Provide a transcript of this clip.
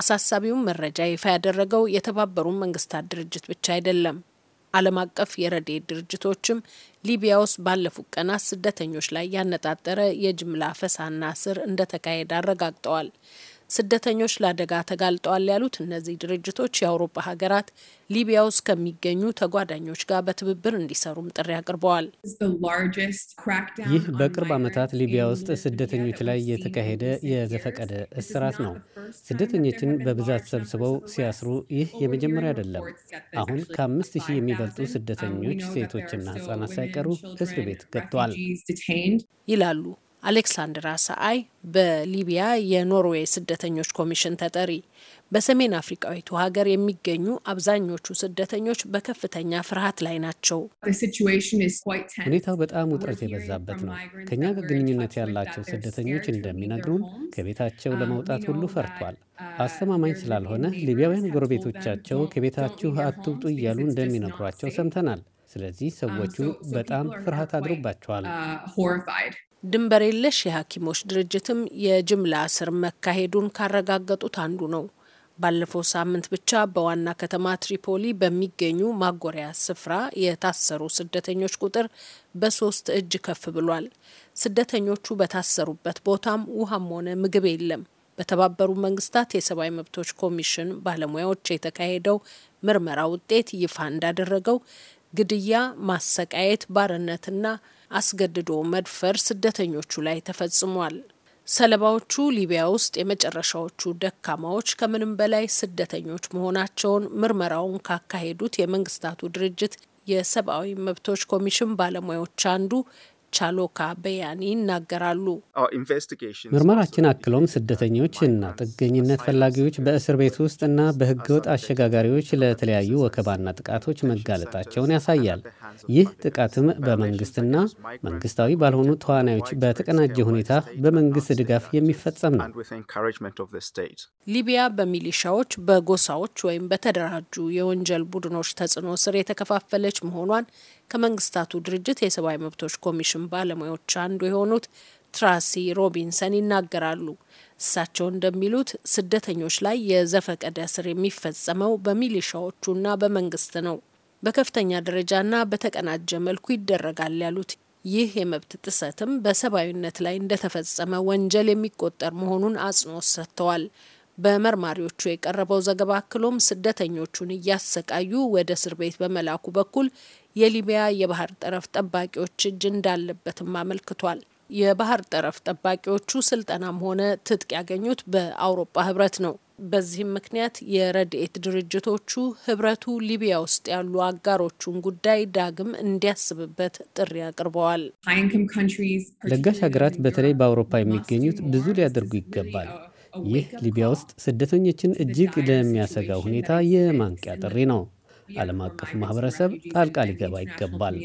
አሳሳቢውን መረጃ ይፋ ያደረገው የተባበሩት መንግስታት ድርጅት ብቻ አይደለም። ዓለም አቀፍ የረድኤት ድርጅቶችም ሊቢያ ውስጥ ባለፉት ቀናት ስደተኞች ላይ ያነጣጠረ የጅምላ ፈሳና እስር እንደተካሄደ አረጋግጠዋል። ስደተኞች ለአደጋ ተጋልጠዋል ያሉት እነዚህ ድርጅቶች የአውሮፓ ሀገራት ሊቢያ ውስጥ ከሚገኙ ተጓዳኞች ጋር በትብብር እንዲሰሩም ጥሪ አቅርበዋል። ይህ በቅርብ ዓመታት ሊቢያ ውስጥ ስደተኞች ላይ የተካሄደ የዘፈቀደ እስራት ነው። ስደተኞችን በብዛት ሰብስበው ሲያስሩ ይህ የመጀመሪያ አይደለም። አሁን ከአምስት ሺህ የሚበልጡ ስደተኞች ሴቶችና ሕጻናት ሳይቀሩ እስር ቤት ገብተዋል ይላሉ አሌክሳንድር አሳአይ በሊቢያ የኖርዌይ ስደተኞች ኮሚሽን ተጠሪ፣ በሰሜን አፍሪካዊቱ ሀገር የሚገኙ አብዛኞቹ ስደተኞች በከፍተኛ ፍርሃት ላይ ናቸው። ሁኔታው በጣም ውጥረት የበዛበት ነው። ከእኛ ጋር ግንኙነት ያላቸው ስደተኞች እንደሚነግሩን ከቤታቸው ለመውጣት ሁሉ ፈርቷል። አስተማማኝ ስላልሆነ ሊቢያውያን ጎረቤቶቻቸው ከቤታችሁ አትውጡ እያሉ እንደሚነግሯቸው ሰምተናል። ስለዚህ ሰዎቹ በጣም ፍርሃት አድሮባቸዋል። uh, ድንበር የለሽ የሐኪሞች ድርጅትም የጅምላ እስር መካሄዱን ካረጋገጡት አንዱ ነው። ባለፈው ሳምንት ብቻ በዋና ከተማ ትሪፖሊ በሚገኙ ማጎሪያ ስፍራ የታሰሩ ስደተኞች ቁጥር በሶስት እጅ ከፍ ብሏል። ስደተኞቹ በታሰሩበት ቦታም ውሃም ሆነ ምግብ የለም። በተባበሩ መንግስታት የሰብአዊ መብቶች ኮሚሽን ባለሙያዎች የተካሄደው ምርመራ ውጤት ይፋ እንዳደረገው ግድያ፣ ማሰቃየት፣ ባርነትና አስገድዶ መድፈር ስደተኞቹ ላይ ተፈጽሟል። ሰለባዎቹ ሊቢያ ውስጥ የመጨረሻዎቹ ደካማዎች ከምንም በላይ ስደተኞች መሆናቸውን ምርመራውን ካካሄዱት የመንግስታቱ ድርጅት የሰብአዊ መብቶች ኮሚሽን ባለሙያዎች አንዱ ቻሎካ በያኒ ይናገራሉ። ምርመራችን አክሎም ስደተኞች እና ጥገኝነት ፈላጊዎች በእስር ቤት ውስጥ እና በህገወጥ አሸጋጋሪዎች ለተለያዩ ወከባና ጥቃቶች መጋለጣቸውን ያሳያል። ይህ ጥቃትም በመንግስትና መንግስታዊ ባልሆኑ ተዋናዮች በተቀናጀ ሁኔታ በመንግስት ድጋፍ የሚፈጸም ነው። ሊቢያ በሚሊሻዎች በጎሳዎች ወይም በተደራጁ የወንጀል ቡድኖች ተጽዕኖ ስር የተከፋፈለች መሆኗን ከመንግስታቱ ድርጅት የሰብአዊ መብቶች ኮሚሽን ኮሚኒኬሽን ባለሙያዎች አንዱ የሆኑት ትራሲ ሮቢንሰን ይናገራሉ። እሳቸው እንደሚሉት ስደተኞች ላይ የዘፈቀደ እስር የሚፈጸመው በሚሊሻዎቹና በመንግስት ነው። በከፍተኛ ደረጃና በተቀናጀ መልኩ ይደረጋል ያሉት ይህ የመብት ጥሰትም በሰብአዊነት ላይ እንደተፈጸመ ወንጀል የሚቆጠር መሆኑን አጽንኦት ሰጥተዋል። በመርማሪዎቹ የቀረበው ዘገባ አክሎም ስደተኞቹን እያሰቃዩ ወደ እስር ቤት በመላኩ በኩል የሊቢያ የባህር ጠረፍ ጠባቂዎች እጅ እንዳለበትም አመልክቷል። የባህር ጠረፍ ጠባቂዎቹ ስልጠናም ሆነ ትጥቅ ያገኙት በአውሮፓ ህብረት ነው። በዚህም ምክንያት የረድኤት ድርጅቶቹ ህብረቱ ሊቢያ ውስጥ ያሉ አጋሮቹን ጉዳይ ዳግም እንዲያስብበት ጥሪ አቅርበዋል። ለጋሽ ሀገራት በተለይ በአውሮፓ የሚገኙት ብዙ ሊያደርጉ ይገባል። ይህ ሊቢያ ውስጥ ስደተኞችን እጅግ ለሚያሰጋው ሁኔታ የማንቂያ ጥሪ ነው። ዓለም አቀፉ ማህበረሰብ ጣልቃ ሊገባ ይገባል።